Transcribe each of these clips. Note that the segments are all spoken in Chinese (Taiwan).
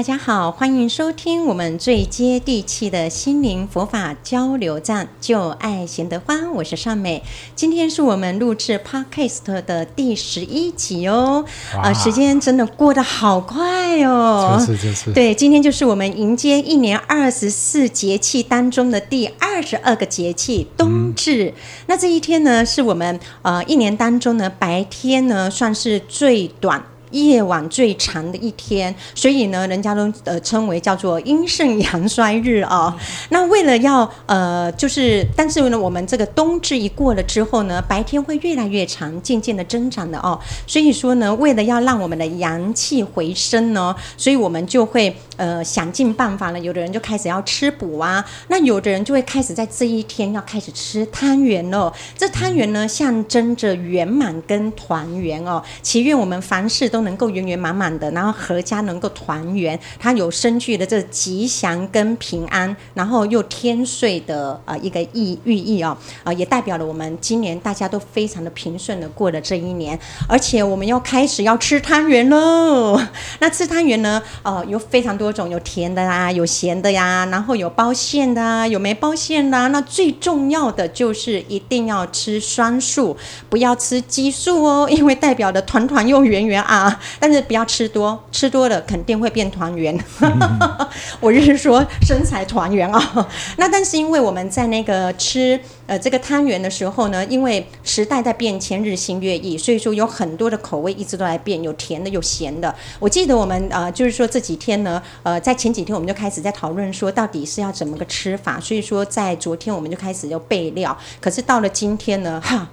大家好，歡迎收聽我們最接地氣的心靈佛法交流站，就愛賢得歡，我是尚美，今天是我們錄製 podcast 的第十一集哦，啊、呃，時間真的過得好快哦，就是就是，對，今天就是我們迎接一年二十四節氣當中的第二十二個節氣冬至、嗯，那這一天呢，是我們呃一年當中呢白天呢算是最短。夜晚最長的一天，所以呢，人家都呃稱為叫做陰盛陽衰日啊、哦。那為了要呃，就是，但是呢，我們這個冬至一過了之後呢，白天會越來越長，漸漸的增長的哦。所以說呢，為了要讓我們的陽氣回升呢，所以我們就會。呃，想盡辦法了，有的人就開始要吃補啊，那有的人就會開始在這一天要開始吃湯圓嘍。這湯圓呢，象徵着圓滿跟團圓哦，祈願我們凡事都能夠圓圓滿滿的，然後闔家能夠團圓。它有生聚的這吉祥跟平安，然後又添歲的呃一個意寓意哦，啊、呃，也代表了我們今年大家都非常的平順的過了這一年，而且我們要開始要吃湯圓嘍。那吃湯圓呢，哦、呃、有非常多。各種有甜的啊，有鹹的呀、啊，然後有包餡的、啊，有沒包餡的、啊。那最重要的就是一定要吃酸素，不要吃激素哦，因為代表的團團又圓圓啊。但是不要吃多，吃多了肯定會變團圓。哈哈哈哈，我就是說身材團圓啊。那但是因為我們在那個吃。呃，這個湯圓的時候呢，因為時代在變遷，日新月異，所以說有很多的口味一直都在變，有甜的，有鹹的。我記得我們呃，就是說這幾天呢，呃，在前幾天我們就開始在討論說，到底是要怎麼個吃法。所以說在昨天我們就開始要備料，可是到了今天呢，哈，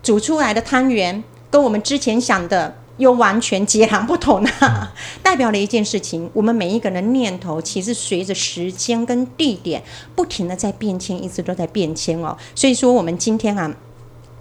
煮出來的湯圓跟我們之前想的。又完全截然不同啊，代表了一件事情，我們每一個人的念頭其實隨着時間跟地點不停的在變遷，一直都在變遷哦。所以說，我們今天啊，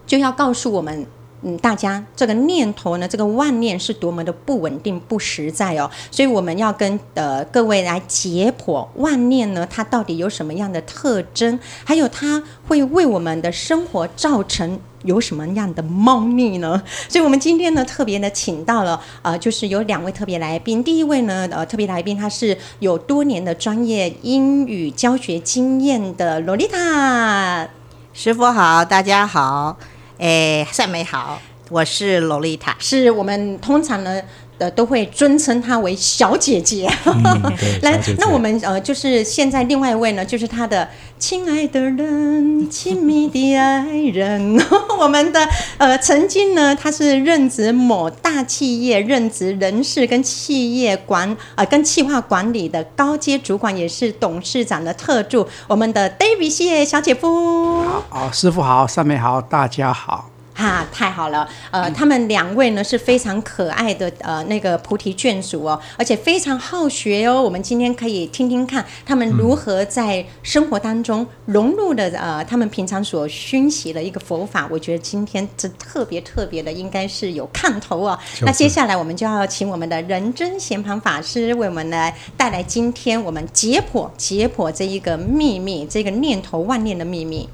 就要告訴我們，嗯，大家這個念頭呢，這個妄念是多麼的不穩定、不實在哦。所以我們要跟呃各位來解剖，妄念呢，它到底有什麼樣的特徵，還有它會為我們的生活造成。有什麼樣的貓膩呢？所以我們今天呢，特別的請到了，呃，就是有兩位特別來賓。第一位呢，呃，特別來賓他是有多年的專業英語教學經驗的蘿莉塔。師父好，大家好，哎，善美好，我是蘿莉塔，是我們通常呢，呃，都會尊稱她為小姐姐。 嗯、對 來姐姐，那我們呃，就是現在另外一位呢，就是她的親愛的人、親密的愛人。 我們的呃，曾經呢，她是任職某大企業，任職人事跟企業管、呃、跟企劃管理的高階主管，也是董事長的特助。我們的 David 謝小姐夫，好，哦、師父好，上面好，大家好。哈，太好了！呃，嗯、他們兩位呢，是非常可愛的呃，那個菩提眷屬哦，而且非常好學哦。我們今天可以聽聽看他們如何在生活當中融入的、嗯、呃，他們平常所熏習的一個佛法。我覺得今天這特別特別的，應該是有看頭哦，是是。那接下來我們就要請我們的仁增賢槃法師為我們來帶來今天我們解剖解剖這一個秘密，這個念頭萬念的秘密。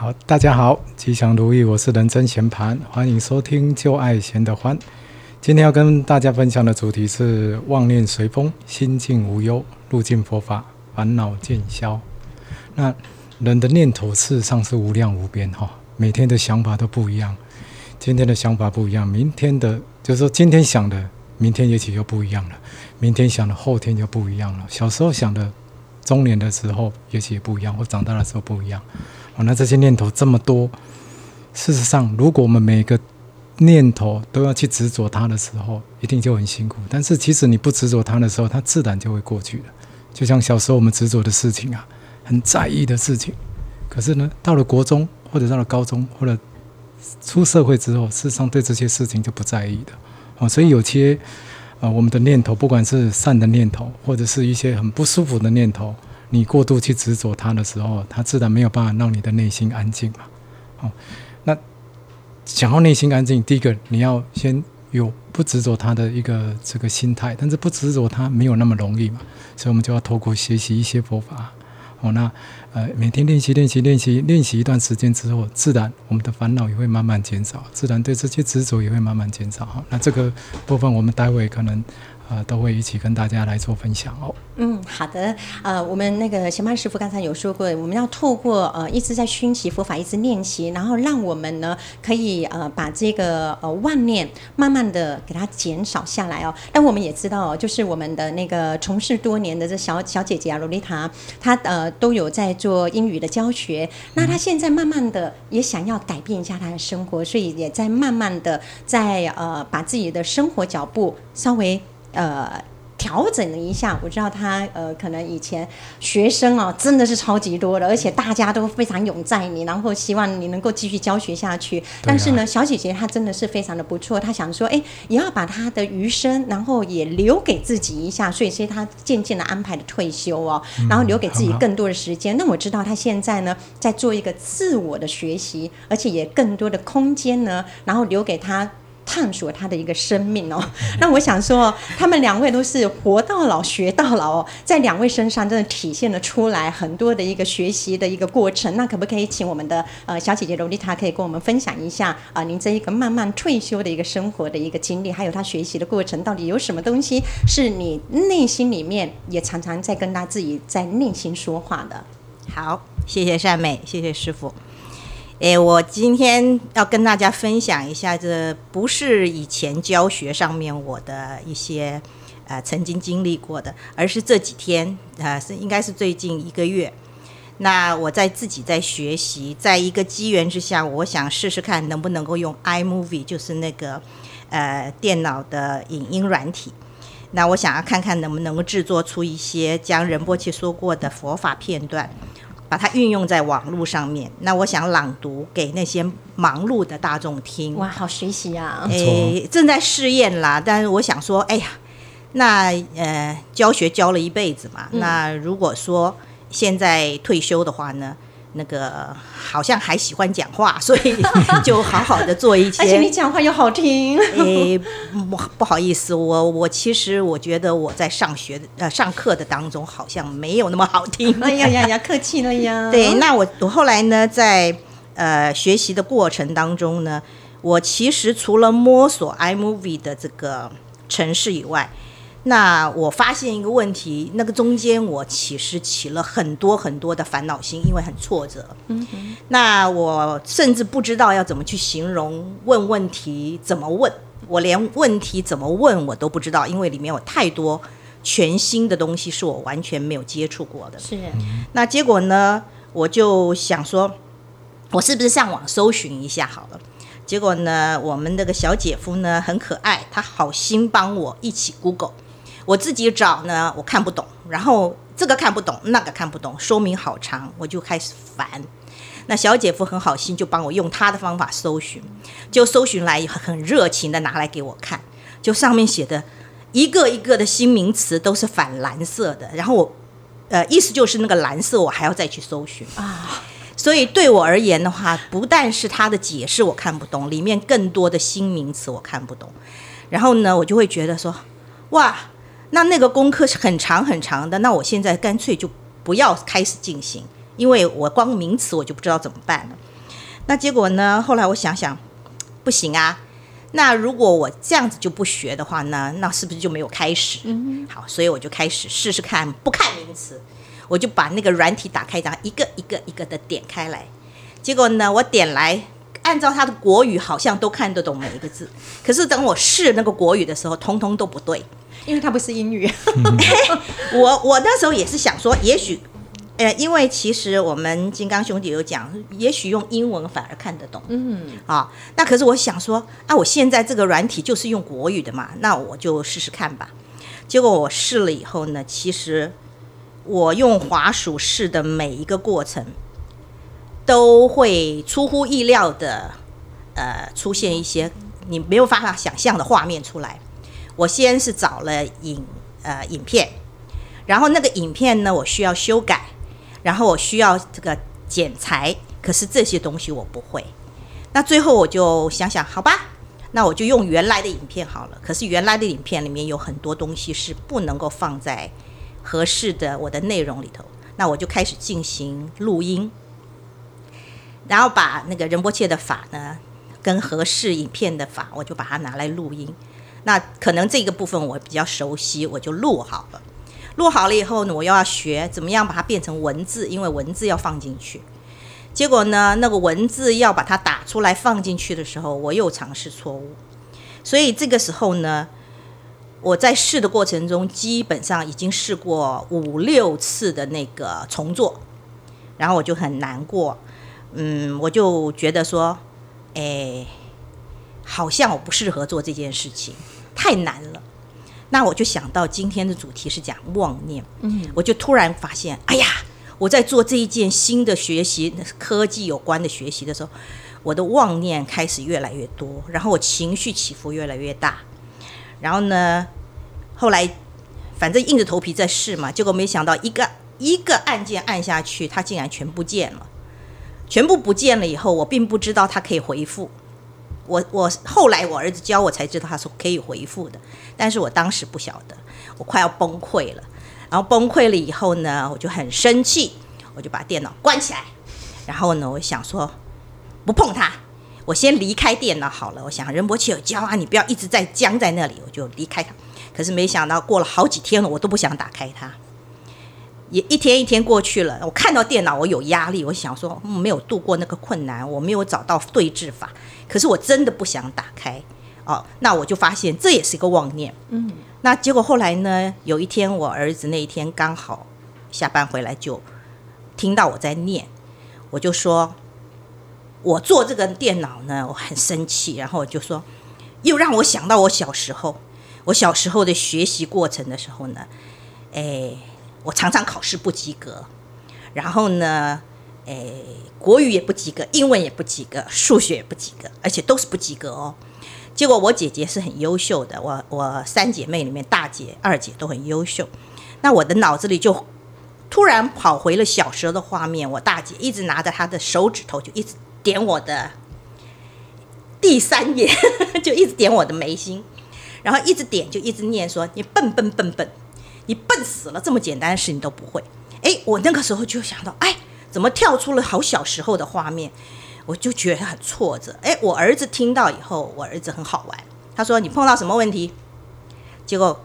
好，大家好，吉祥如意，我是仁增賢槃，歡迎收聽《就愛賢得歡》。今天要跟大家分享的主題是：妄念隨風，心靜無憂，入進佛法，煩惱漸消。那人的念頭事實上是無量無邊哈，每天的想法都不一樣。今天的想法不一樣，明天的，就是說今天想的，明天也許就不一樣了。明天想的，後天就不一樣了。小時候想的，中年的時候也許也不一樣，或長大的時候不一樣。那這些念頭這麼多，事實上，如果我們每個念頭都要去執着它的時候，一定就很辛苦。但是，其實你不執着它的時候，它自然就會過去了。就像小時候我們執着的事情啊，很在意的事情，可是呢，到了國中或者到了高中，或者出社會之後，事實上對這些事情就不在意的。啊，所以有些啊，我們的念頭，不管是善的念頭，或者是一些很不舒服的念頭。你過度去執着它的時候，它自然沒有辦法讓你的內心安靜嘛。哦，那想要內心安靜，第一個你要先有不執着它的一個這個心態，但是不執着它沒有那麼容易嘛。所以，我們就要透過學習一些佛法。哦，那呃，每天練習練習練習練習一段時間之後，自然我們的煩惱也會慢慢減少，自然對這些執着也會慢慢減少。哈、哦，那這個部分我們待會可能。啊、呃，都會一起跟大家來做分享哦。嗯，好的。呃，我們那個賢槃師傅剛才有說過，我們要透過呃一直在熏習佛法，一直練習，然後讓我們呢可以呃把這個呃妄念慢慢的給它減少下來哦。但我們也知道、哦、就是我們的那個從事多年的這小小姐姐蘿莉塔，Lolita, 她呃都有在做英語的教學。那她現在慢慢的也想要改變一下她的生活，嗯、所以也在慢慢的在呃把自己的生活腳步稍微。呃，調整了一下，我知道他呃，可能以前學生啊、哦、真的是超級多的，而且大家都非常擁戴你，然後希望你能夠繼續教學下去。啊、但是呢，小姐姐她真的是非常的不錯，她想說，哎，也要把她的餘生，然後也留給自己一下，所以，所以她漸漸的安排了退休哦、嗯，然後留給自己更多的時間好好。那我知道她現在呢，在做一個自我的學習，而且也更多的空間呢，然後留給她。探索他的一個生命哦， 那我想說，他們兩位都是活到老學到老哦，在兩位身上真的體現了出來很多的一個學習的一個過程。那可不可以請我們的呃小姐姐蘿莉塔可以跟我們分享一下啊、呃？您這一個慢慢退休的一個生活的一個經歷，還有她學習的過程，到底有什麼東西是你內心裡面也常常在跟她自己在內心說話的？好，謝謝善美，謝謝師父。誒、欸，我今天要跟大家分享一下，這不是以前教學上面我的一些呃曾經經歷過的，而是這幾天啊，是、呃、應該是最近一個月。那我在自己在學習，在一個機緣之下，我想試試看能不能夠用 iMovie，就是那個呃電腦的影音軟體。那我想要看看能不能夠製作出一些將仁波切說過的佛法片段。把它運用在網絡上面，那我想朗讀給那些忙碌的大眾聽。哇，好學習呀、啊！哎、欸，正在試驗啦。但是我想說，哎呀，那呃，教學教了一輩子嘛、嗯，那如果說現在退休的話呢？那個好像還喜歡講話，所以就好好的做一些。 而且你講話又好聽。哎，不不好意思，我我其實我覺得我在上學呃上課的當中好像沒有那麼好聽。哎呀呀呀，客氣了呀。對，那我我後來呢，在呃學習的過程當中呢，我其實除了摸索 iMovie 的這個程式以外，那我發現一個問題，那個中間我其實起了很多很多的煩惱心，因為很挫折。嗯嗯。那我甚至不知道要怎麼去形容問問題怎麼問，我連問題怎麼問我都不知道，因為裡面有太多全新的東西是我完全沒有接觸過的。是。那結果呢，我就想說，我是不是上網搜尋一下好了？結果呢，我們那個小姐夫呢很可愛，他好心幫我一起 Google。我自己找呢，我看不懂，然後這個看不懂，那個看不懂，說明好長，我就開始煩。那小姐夫很好心，就幫我用他的方法搜尋，就搜尋來很熱情的拿來給我看，就上面寫的，一個一個的新名詞都是反藍色的，然後我，呃，意思就是那個藍色我還要再去搜尋啊。Oh. 所以對我而言的話，不但是他的解釋我看不懂，裡面更多的新名詞我看不懂，然後呢，我就會覺得說，哇。那那個功課是很長很長的，那我現在乾脆就不要開始進行，因為我光名詞我就不知道怎麼辦了。那結果呢？後來我想想，不行啊。那如果我這樣子就不學的話呢，那是不是就沒有開始？好，所以我就開始試試看，不看名詞，我就把那個軟體打開，然後一個一個一個的點開來。結果呢，我點來。按照他的國語，好像都看得懂每一個字。可是等我試那個國語的時候，通通都不對，因為它不是英語。 哎、我我那時候也是想說，也許，呃，因為其實我們金剛兄弟有講，也許用英文反而看得懂。嗯，啊，那可是我想說，啊，我現在這個軟體就是用國語的嘛，那我就試試看吧。結果我試了以後呢，其實我用滑鼠試的每一個過程。都會出乎意料的，呃，出現一些你沒有辦法想象的畫面出來。我先是找了影，呃，影片，然後那個影片呢，我需要修改，然後我需要這個剪裁，可是這些東西我不會。那最後我就想想，好吧，那我就用原來的影片好了。可是原來的影片裡面有很多東西是不能夠放在合適的我的內容裡頭，那我就開始進行錄音。然後把那個仁波切的法呢，跟合適影片的法，我就把它拿來錄音。那可能這個部分我比較熟悉，我就錄好了。錄好了以後呢，我又要學怎麼樣把它變成文字，因為文字要放進去。結果呢，那個文字要把它打出來放進去的時候，我又嘗試錯誤。所以這個時候呢，我在試的過程中，基本上已經試過五六次的那個重做，然後我就很難過。嗯，我就覺得說，哎，好像我不適合做這件事情，太難了。那我就想到今天的主題是講妄念，嗯，我就突然發現，哎呀，我在做這一件新的學習，科技有關的學習的時候，我的妄念開始越來越多，然後我情緒起伏越來越大。然後呢，後來反正硬着頭皮在試嘛，結果沒想到一個一個按鍵按下去，它竟然全不見了。全部不見了以後，我並不知道他可以回復，我我後來我兒子教我才知道他是可以回復的，但是我當時不曉得，我快要崩潰了，然後崩潰了以後呢，我就很生氣，我就把電腦關起來，然後呢，我想說不碰它，我先離開電腦好了。我想仁波切有教啊，你不要一直在僵在那裡，我就離開他。可是沒想到過了好幾天了，我都不想打開它。也一天一天過去了，我看到電腦，我有壓力，我想說，嗯，沒有度過那個困難，我沒有找到對治法。可是我真的不想打開，哦，那我就發現這也是一個妄念，嗯。那結果後來呢？有一天，我兒子那一天剛好下班回來，就聽到我在念，我就說，我做這個電腦呢，我很生氣，然後我就說，又讓我想到我小時候，我小時候的學習過程的時候呢，哎。我常常考試不及格，然後呢，哎，國語也不及格，英文也不及格，數學也不及格，而且都是不及格哦。結果我姐姐是很優秀的，我我三姐妹裡面大姐、二姐都很優秀。那我的腦子裡就突然跑回了小時候的畫面，我大姐一直拿着她的手指頭，就一直點我的第三眼， 就一直點我的眉心，然後一直點，就一直念說：“你笨笨笨笨笨。”你笨死了！這麼簡單的事你都不會。哎，我那個時候就想到，哎，怎麼跳出了好小時候的畫面？我就覺得很挫折。哎，我兒子聽到以後，我兒子很好玩。他說：“你碰到什麼問題？”結果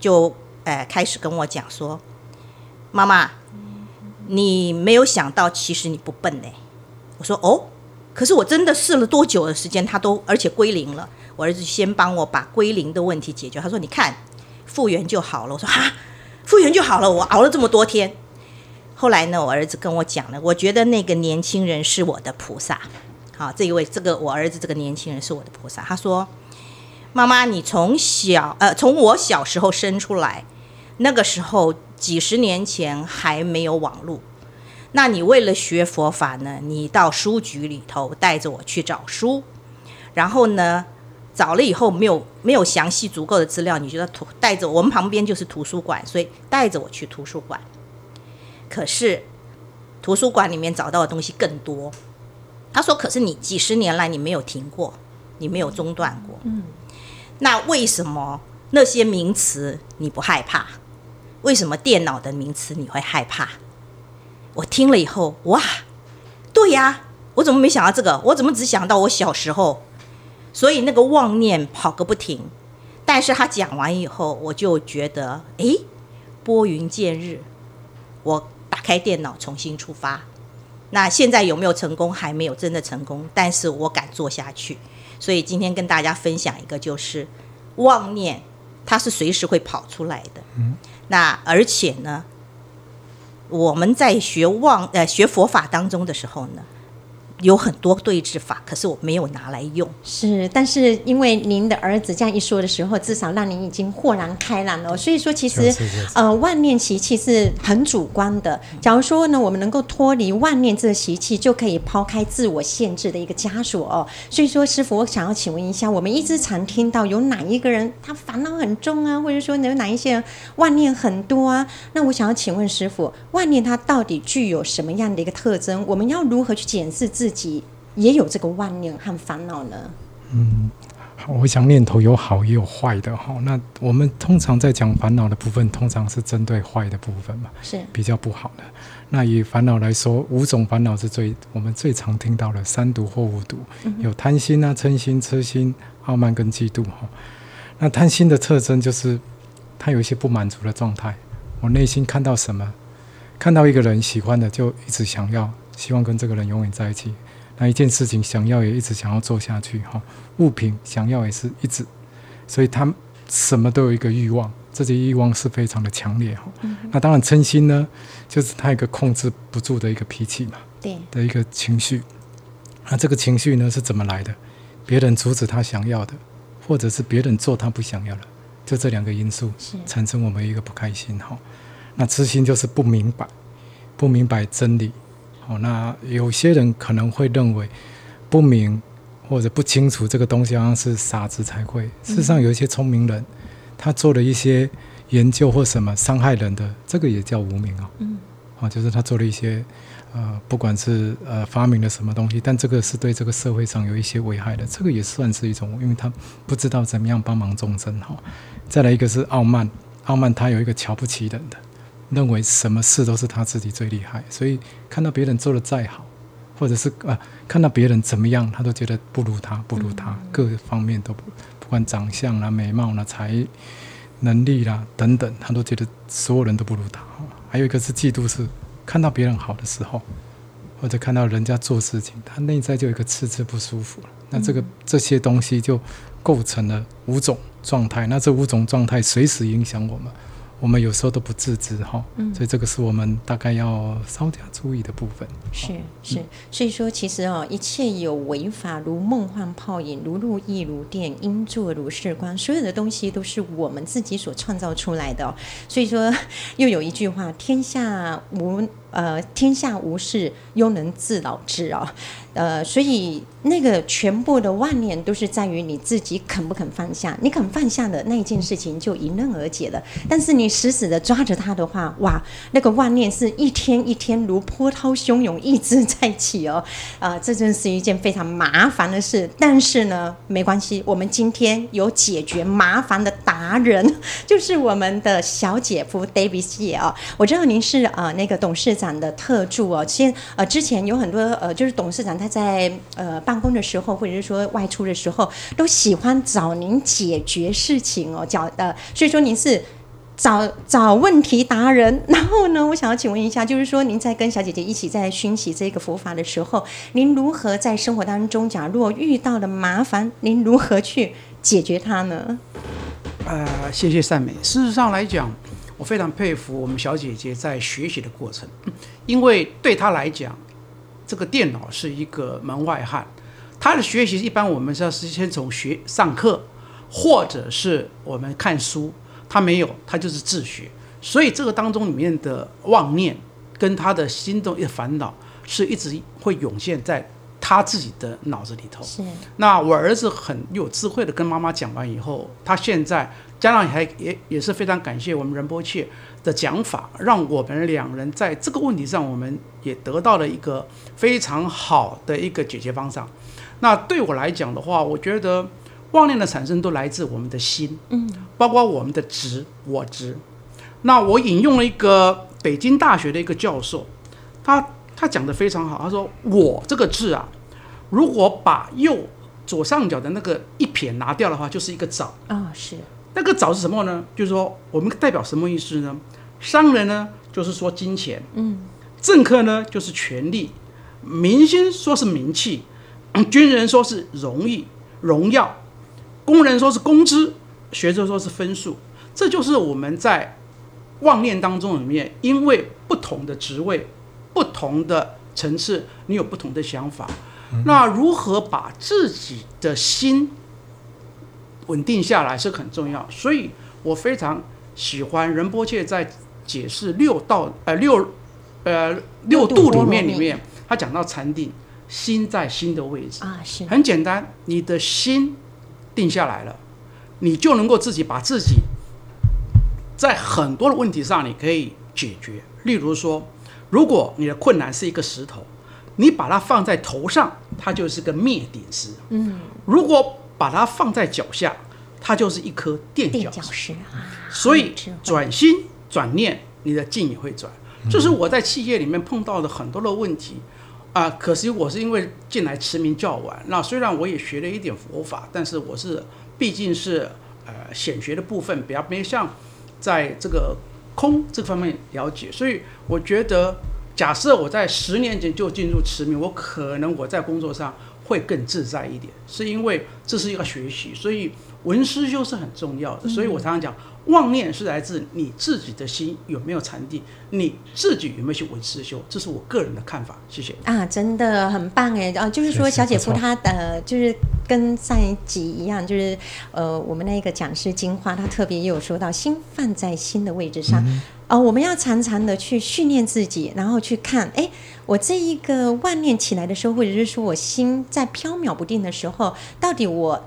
就誒、呃，開始跟我講說：“媽媽，你沒有想到，其實你不笨呢。”我說：“哦。”可是我真的試了多久的時間，他都而且歸零了。我兒子先幫我把歸零的問題解決。他說：“你看，復原就好了。”我說：“啊。”復原就好了。我熬了這麼多天，後來呢，我兒子跟我講了，我覺得那個年輕人是我的菩薩。好，啊，這一位，這個我兒子這個年輕人是我的菩薩。他說：“媽媽，你從小呃，從我小時候生出來，那個時候幾十年前還沒有網絡，那你為了學佛法呢，你到書局裡頭帶着我去找書，然後呢？”找了以後沒有沒有詳細足夠的資料，你覺得圖帶着我們旁邊就是圖書館，所以帶着我去圖書館。可是圖書館裡面找到的東西更多。他說：“可是你幾十年來你沒有停過，你沒有中斷過。”嗯。那為什麼那些名詞你不害怕？為什麼電腦的名詞你會害怕？我聽了以後，哇，對呀，我怎麼沒想到這個？我怎麼只想到我小時候？所以那個妄念跑個不停，但是他講完以後，我就覺得，誒，撥雲見日。我打開電腦重新出發。那現在有沒有成功？還沒有真的成功，但是我敢做下去。所以今天跟大家分享一個，就是妄念它是隨時會跑出來的。嗯。那而且呢，我們在學妄呃學佛法當中的時候呢。有很多對治法，可是我沒有拿來用。是，但是因為您的兒子這樣一說的時候，至少讓您已經豁然開朗了哦。所以說，其實呃，妄念習氣是很主觀的。假如說呢，我們能夠脫離妄念這個習氣，就可以拋開自我限制的一個枷鎖哦。所以說，師父，我想要請問一下，我們一直常聽到有哪一個人他煩惱很重啊，或者說有哪一些人妄念很多啊？那我想要請問師父，妄念它到底具有什麼樣的一個特徵？我們要如何去檢視自？自己也有這個妄念和煩惱呢。嗯，我想念頭有好也有壞的哈。那我們通常在講煩惱的部分，通常是針對壞的部分嘛，是比較不好的。那以煩惱來說，五種煩惱是最我們最常聽到的三毒或五毒，嗯、有貪心啊、嗔心、癡心、傲慢跟嫉妒哈。那貪心的特徵就是，他有一些不滿足的狀態。我內心看到什麼，看到一個人喜歡的，就一直想要。希望跟這個人永遠在一起，那一件事情想要也一直想要做下去哈。物品想要也是一直，所以他什麼都有一個欲望，這些欲望是非常的強烈哈。嗯。那當然嗔心呢，就是他一個控制不住的一個脾氣嘛，對的一個情緒。那這個情緒呢是怎麼來的？別人阻止他想要的，或者是別人做他不想要的，就這兩個因素產生我們一個不開心哈。那痴心就是不明白，不明白真理。哦，那有些人可能會認為不明或者不清楚這個東西，好像是傻子才會。事實上，有一些聰明人，他做了一些研究或什麼傷害人的，這個也叫無明啊、哦。嗯，啊、哦，就是他做了一些呃，不管是呃發明了什麼東西，但這個是對這個社會上有一些危害的，這個也算是一種，因為他不知道怎麼樣幫忙眾生哈、哦。再來一個是傲慢，傲慢他有一個瞧不起人的，認為什麼事都是他自己最厲害，所以看到別人做得再好，或者是啊，看到別人怎麼樣，他都覺得不如他，不如他，嗯嗯，各方面都不，不管長相啦、啊、美貌啦、啊、才能力啦、啊、等等，他都覺得所有人都不如他。還有一個是嫉妒是，是看到別人好的時候，或者看到人家做事情，他內在就有一個次次不舒服嗯嗯，那這個這些東西就構成了五種狀態，那這五種狀態隨時影響我們。我們有時候都不自知哈，所以這個是我們大概要稍加注意的部分。是、嗯、是，所以說其實啊、哦，一切有為法如夢幻泡影，如露亦如電，應作如是觀。所有的東西都是我們自己所創造出來的、哦。所以說，又有一句話：天下無。呃，天下無事，又能自擾之，庸人自擾之啊！呃，所以那個全部的妄念都是在於你自己肯不肯放下。你肯放下的那一件事情就迎刃而解了。但是你死死的抓着它的話哇，那個妄念是一天一天如波濤洶湧一直在起哦。啊、呃，這真是一件非常麻煩的事。但是呢，沒關係，我們今天有解決麻煩的。達人就是我們的小姐夫 David 謝。哦，我知道您是啊、呃、那個董事長的特助哦。先呃，之前有很多呃，就是董事長他在呃辦公的時候或者是說外出的時候都喜歡找您解決事情哦，找呃，所以說您是找找問題達人。然後呢，我想要請問一下，就是說您在跟小姐姐一起在熏習這個佛法的時候，您如何在生活當中，假如遇到了麻煩，您如何去解決它呢？呃，謝謝善美。事實上來講，我非常佩服我們小姐姐在學習的過程，因為對她來講，這個電腦是一個門外漢。她的學習一般我們是要先從學上課，或者是我們看書，她沒有，她就是自學。所以這個當中裡面的妄念跟她的心中的煩惱，是一直會湧現在。他自己的腦子裡頭，是那我兒子很有智慧的跟媽媽講完以後，他現在家長還也也，也是非常感謝我們仁波切的講法，讓我們兩人在這個問題上，我們也得到了一個非常好的一個解決方法。那對我來講的話，我覺得妄念的產生都來自我們的心，嗯，包括我們的執，我執。那我引用了一個北京大學的一個教授，他他講的非常好，他說“我”這個字啊。如果把右左上角的那個一撇拿掉的話，就是一個“早”啊，是那個“早”是什麼呢？就是說，我們代表什麼意思呢？商人呢，就是說金錢；嗯，政客呢，就是權力；明星說是名氣；軍人說是榮譽、榮耀；工人說是工資；學者說是分數。這就是我們在妄念當中裡面，因為不同的職位、不同的層次，你有不同的想法。那如何把自己的心穩定下來是很重要，所以我非常喜歡仁波切在解釋六道，呃，六，呃，六度裡面裡面，他講到禪定，心在心的位置啊是，很簡單，你的心定下來了，你就能夠自己把自己在很多的問題上你可以解決，例如說，如果你的困難是一個石頭。你把它放在頭上，它就是個滅頂石。嗯，如果把它放在腳下，它就是一顆墊腳石。墊腳石啊。所以轉心轉念，你的境也會轉。就、嗯、是我在企業裡面碰到的很多的問題，啊、呃，可惜我是因為進來持明較晚。那雖然我也學了一點佛法，但是我是畢竟是呃顯學的部分，比較偏向在這個空這方面了解，所以我覺得。假設我在十年前就進入持明，我可能我在工作上會更自在一點，是因為這是一個學習，所以。聞思修是很重要的，所以我常常講，妄念是來自你自己的心有沒有禪定，你自己有沒有去聞思修，這是我個人的看法。謝謝啊，真的很棒哎！啊，就是說，小姐夫他的是是、嗯、呃、就是跟上一集一樣，就是呃，我們那個講師金花，他特別也有說到，心放在心的位置上，啊、呃，我們要常常的去訓練自己，然後去看，哎，我這一個妄念起來的時候，或者是說我心在飄渺不定的時候，到底我。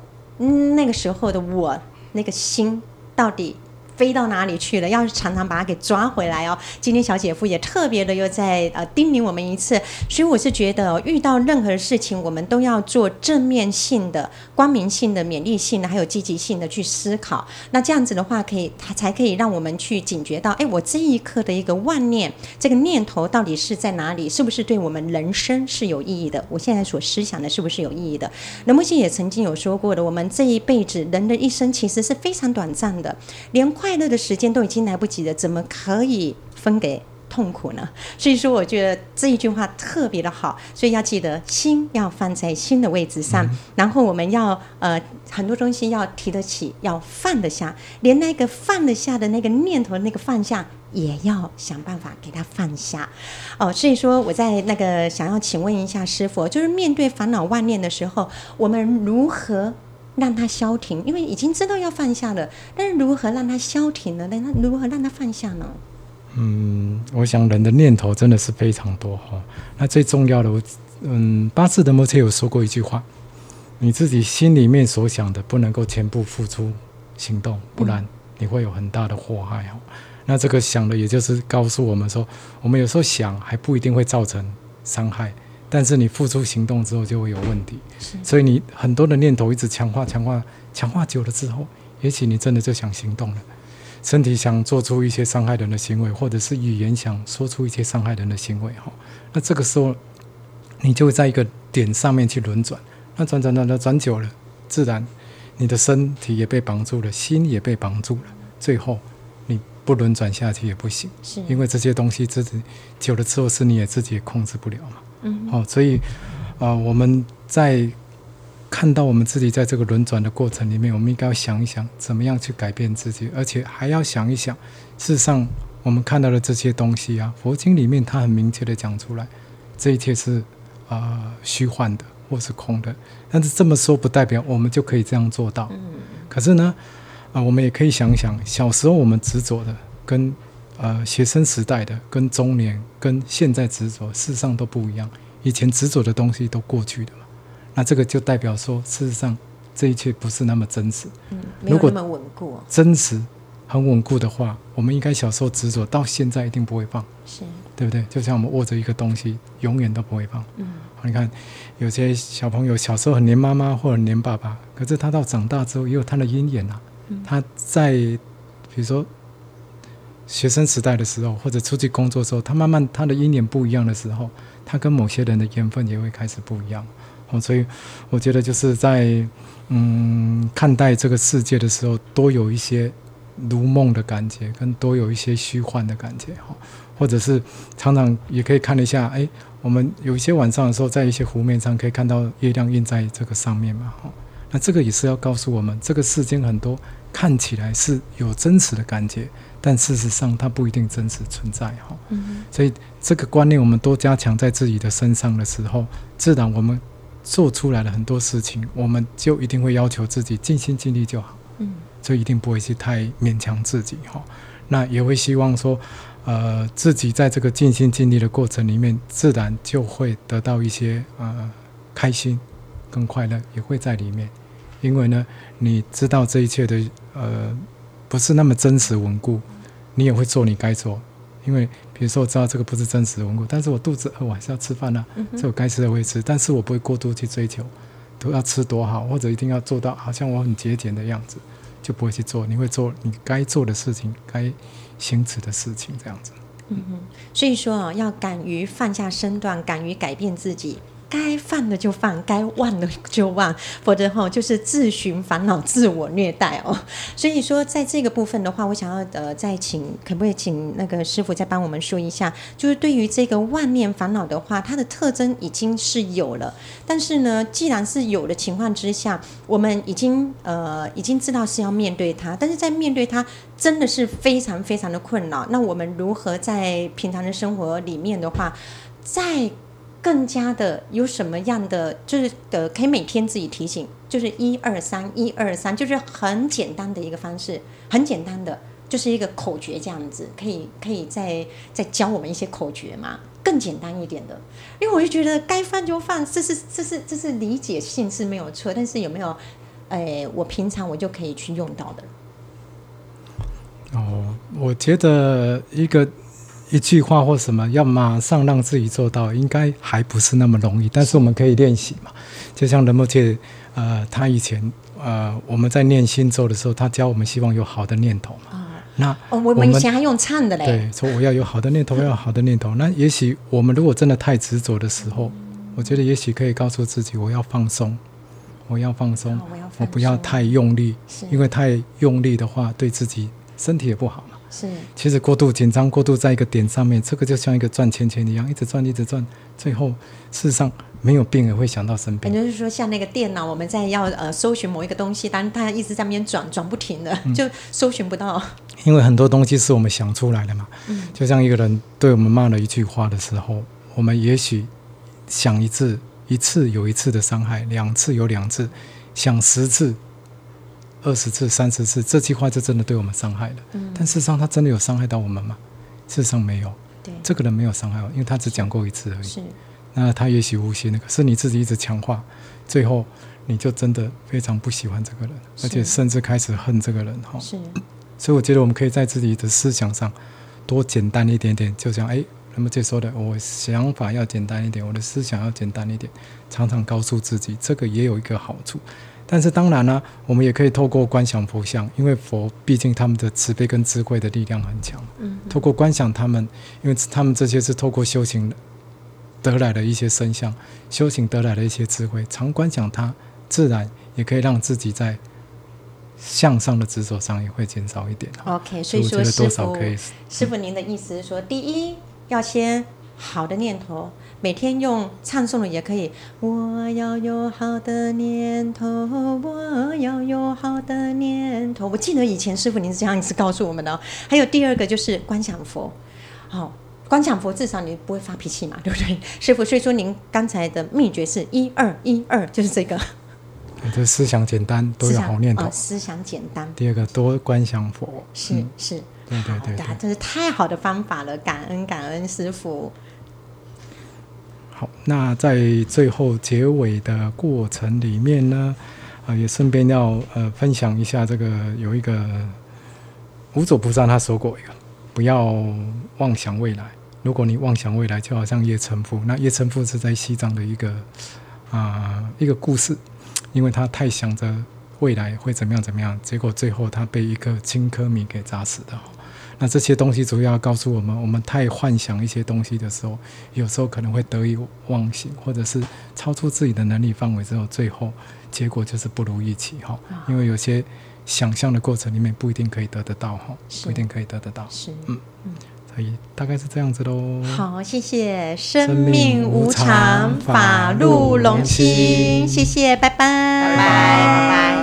那個時候的我，那個心到底？飛到哪裡去了？要常常把它給抓回來哦。今天小姐夫也特別的又在呃叮嚀我們一次，所以我是覺得，遇到任何事情，我們都要做正面性的、光明性的、勉勵性的，還有積極性的去思考。那這樣子的話，可以才才可以讓我們去警覺到，哎、欸，我這一刻的一個妄念，這個念頭到底是在哪裡？是不是對我們人生是有意義的？我現在所思想的是不是有意義的？那麼心也曾經有說過的，我們這一輩子，人的一生其實是非常短暫的，連快。快樂的時間都已經來不及了，怎麼可以分給痛苦呢？所以說，我覺得這一句話特別的好，所以要記得心要放在心的位置上。嗯、然後我們要呃，很多東西要提得起，要放得下，連那個放得下的那個念頭，那個放下也要想辦法給它放下。哦，所以說我在那個想要請問一下師父，就是面對煩惱妄念的時候，我們如何？讓他消停，因為已經知道要放下了，但是如何讓他消停呢？那如何讓他放下呢？嗯，我想人的念頭真的是非常多哈。那最重要的，我嗯，八字的莫測有說過一句話：你自己心裡面所想的，不能夠全部付諸行動，不然你會有很大的禍害。嗯。那這個想的，也就是告訴我們說，我們有時候想還不一定會造成傷害。但是你付出行動之後就會有問題，所以你很多的念頭一直強化、強化、強化久了之後，也許你真的就想行動了，身體想做出一些傷害人的行為，或者是語言想說出一些傷害人的行為哈。那這個時候，你就會在一個點上面去輪轉，那轉轉轉轉轉久了，自然你的身體也被綁住了，心也被綁住了，最後你不輪轉下去也不行，因為這些東西自己久了之後是你也自己也控制不了嘛。嗯，好，所以，啊、呃，我們在看到我們自己在這個輪轉的過程裡面，我們應該要想一想，怎麼樣去改變自己，而且還要想一想，事實上我們看到的這些東西啊，佛經裡面他很明確地講出來，這一切是啊、呃、虛幻的或是空的，但是這麼說不代表我們就可以這樣做到。可是呢，啊、呃，我們也可以想一想，小時候我們執着的跟。呃，學生時代的跟中年跟現在執着事實上都不一樣。以前執着的東西都過去的嘛，那這個就代表說，事實上這一切不是那麼真實。嗯，沒有那麼穩固哦。如果真實，很穩固的話，我們應該小時候執着到現在一定不會放，是、對不對？就像我們握着一個東西，永遠都不會放、嗯。你看有些小朋友小時候很黏媽媽或者黏爸爸，可是他到長大之後也有他的陰影啊、嗯。他在，比如說。學生時代的時候，或者出去工作的時候，他慢慢他的因緣不一樣的時候，他跟某些人的緣分也會開始不一樣。哦、所以我覺得就是在嗯看待這個世界的時候，多有一些如夢的感覺，更多有一些虛幻的感覺、哦。或者是常常也可以看一下，哎、欸，我們有一些晚上的時候，在一些湖面上可以看到月亮映在這個上面嘛、哦。那這個也是要告訴我們，這個世間很多看起來是有真實的感覺。但事實上，它不一定真實存在哈。嗯。所以這個觀念，我們都加強在自己的身上的時候，自然我們做出來了很多事情，我們就一定會要求自己盡心盡力就好。嗯。就一定不會去太勉強自己哈。那也會希望說，呃，自己在這個盡心盡力的過程裡面，自然就會得到一些呃開心，跟快樂也會在裡面，因為呢，你知道這一切的呃。不是那麼真實穩固，你也會做你該做。因為比如說，我知道這個不是真實的穩固，但是我肚子餓，我還是要吃飯呢、啊。所以我該吃的會吃，但是我不會過度去追求，都要吃多好，或者一定要做到好像我很節儉的樣子，就不會去做。你會做你該做的事情，該行止的事情，這樣子。嗯嗯。所以說啊、哦，要敢於放下身段，敢於改變自己。該放的就放，該忘的就忘，否則後就是自尋煩惱、自我虐待哦。所以說，在這個部分的話，我想要呃再請，可不可以請那個師傅再幫我們說一下？就是對於這個妄念煩惱的話，它的特徵已經是有了，但是呢，既然是有的情況之下，我們已經呃已經知道是要面對它，但是在面對它真的是非常非常的困擾。那我們如何在平常的生活裡面的話，在更加的有什麼樣的，就是的、呃，可以每天自己提醒，就是一二三，一二三，就是很簡單的一個方式，很簡單的，就是一個口訣這樣子，可以可以再再教我們一些口訣嘛？更簡單一點的，因為我就覺得該放就放，這是這是這是，這是理解性是沒有錯，但是有沒有，哎、呃，我平常我就可以去用到的。哦，我覺得一個。一句話或什麼，要馬上讓自己做到，應該還不是那麼容易。但是我們可以練習嘛，就像仁波切，呃，他以前，呃，我們在念心咒的時候，他教我們希望有好的念頭嘛。啊、哦，那我們、哦、我以前還用唱的嘞。對，說我要有好的念頭，我要有好的念頭。嗯、那也許我們如果真的太執着的時候、嗯，我覺得也許可以告訴自己我，我要放鬆、哦，我要放鬆，我不要太用力，因為太用力的話，對自己身體也不好。是，其實過度緊張，過度在一個點上面，這個就像一個轉圈圈一樣，一直轉，一直轉，最後事實上沒有病也會想到生病。也就是說，像那個電腦，我們在要呃搜尋某一個東西，但它一直在那邊轉，轉不停的，嗯，就搜尋不到。因為很多東西是我們想出來的嘛，嗯，就像一個人對我們罵了一句話的時候，我們也許想一次，一次有一次的傷害，兩次有兩次，想十次。二十次、三十次，這句話就真的對我們傷害了。嗯，但事實上，他真的有傷害到我們嗎？事實上沒有。對，這個人沒有傷害我，因為他只講過一次而已。是，那他也許無心的，可是你自己一直強化，最後你就真的非常不喜歡這個人，而且甚至開始恨這個人哈。是。所以我覺得我們可以在自己的思想上多簡單一點點，就像哎，人們就說的，我想法要簡單一點，我的思想要簡單一點，常常告訴自己，這個也有一個好處。但是當然了、啊，我們也可以透過觀想佛像，因為佛畢竟他們的慈悲跟智慧的力量很強。嗯，透過觀想他們，因為他們這些是透過修行得來的一些身相，修行得來的一些智慧，常觀想它，自然也可以讓自己在向上的執着上也會減少一點。OK，所以說可以、嗯，師父您的意思是說，第一要先好的念頭，每天用唱誦的也可以。我要有好的念頭，我要有好的念頭。我記得以前師傅您是這樣子告訴我們的、哦。還有第二個就是觀想佛，好、哦，觀想佛至少你不會發脾氣嘛，對不對，師傅？所以說您剛才的秘訣是一二一二，就是這個。就是思想簡單，多有好念頭思、哦。思想簡單，第二個多觀想佛，是、嗯、是。對對對，真是太好的方法了，感恩感恩師父。好，那在最後結尾的過程裡面呢，啊、呃，也順便要呃分享一下這個，有一個五祖菩薩他說過一個，不要妄想未來。如果你妄想未來，就好像葉成富，那葉成富是在西藏的一個啊、呃、一個故事，因為他太想着未來會怎麼樣怎麼樣，結果最後他被一個青稞米給砸死的。那這些東西主要告訴我們，我們太幻想一些東西的時候，有時候可能會得意忘形，或者是超出自己的能力範圍，之後最後結果就是不如預期哈、啊。因為有些想象的過程裡面不一定可以得得到哈，不一定可以得得到。嗯嗯，所以大概是這樣子嘍。好，謝謝生命無常法入融心，謝謝，入融心謝謝，拜拜，拜拜。拜拜。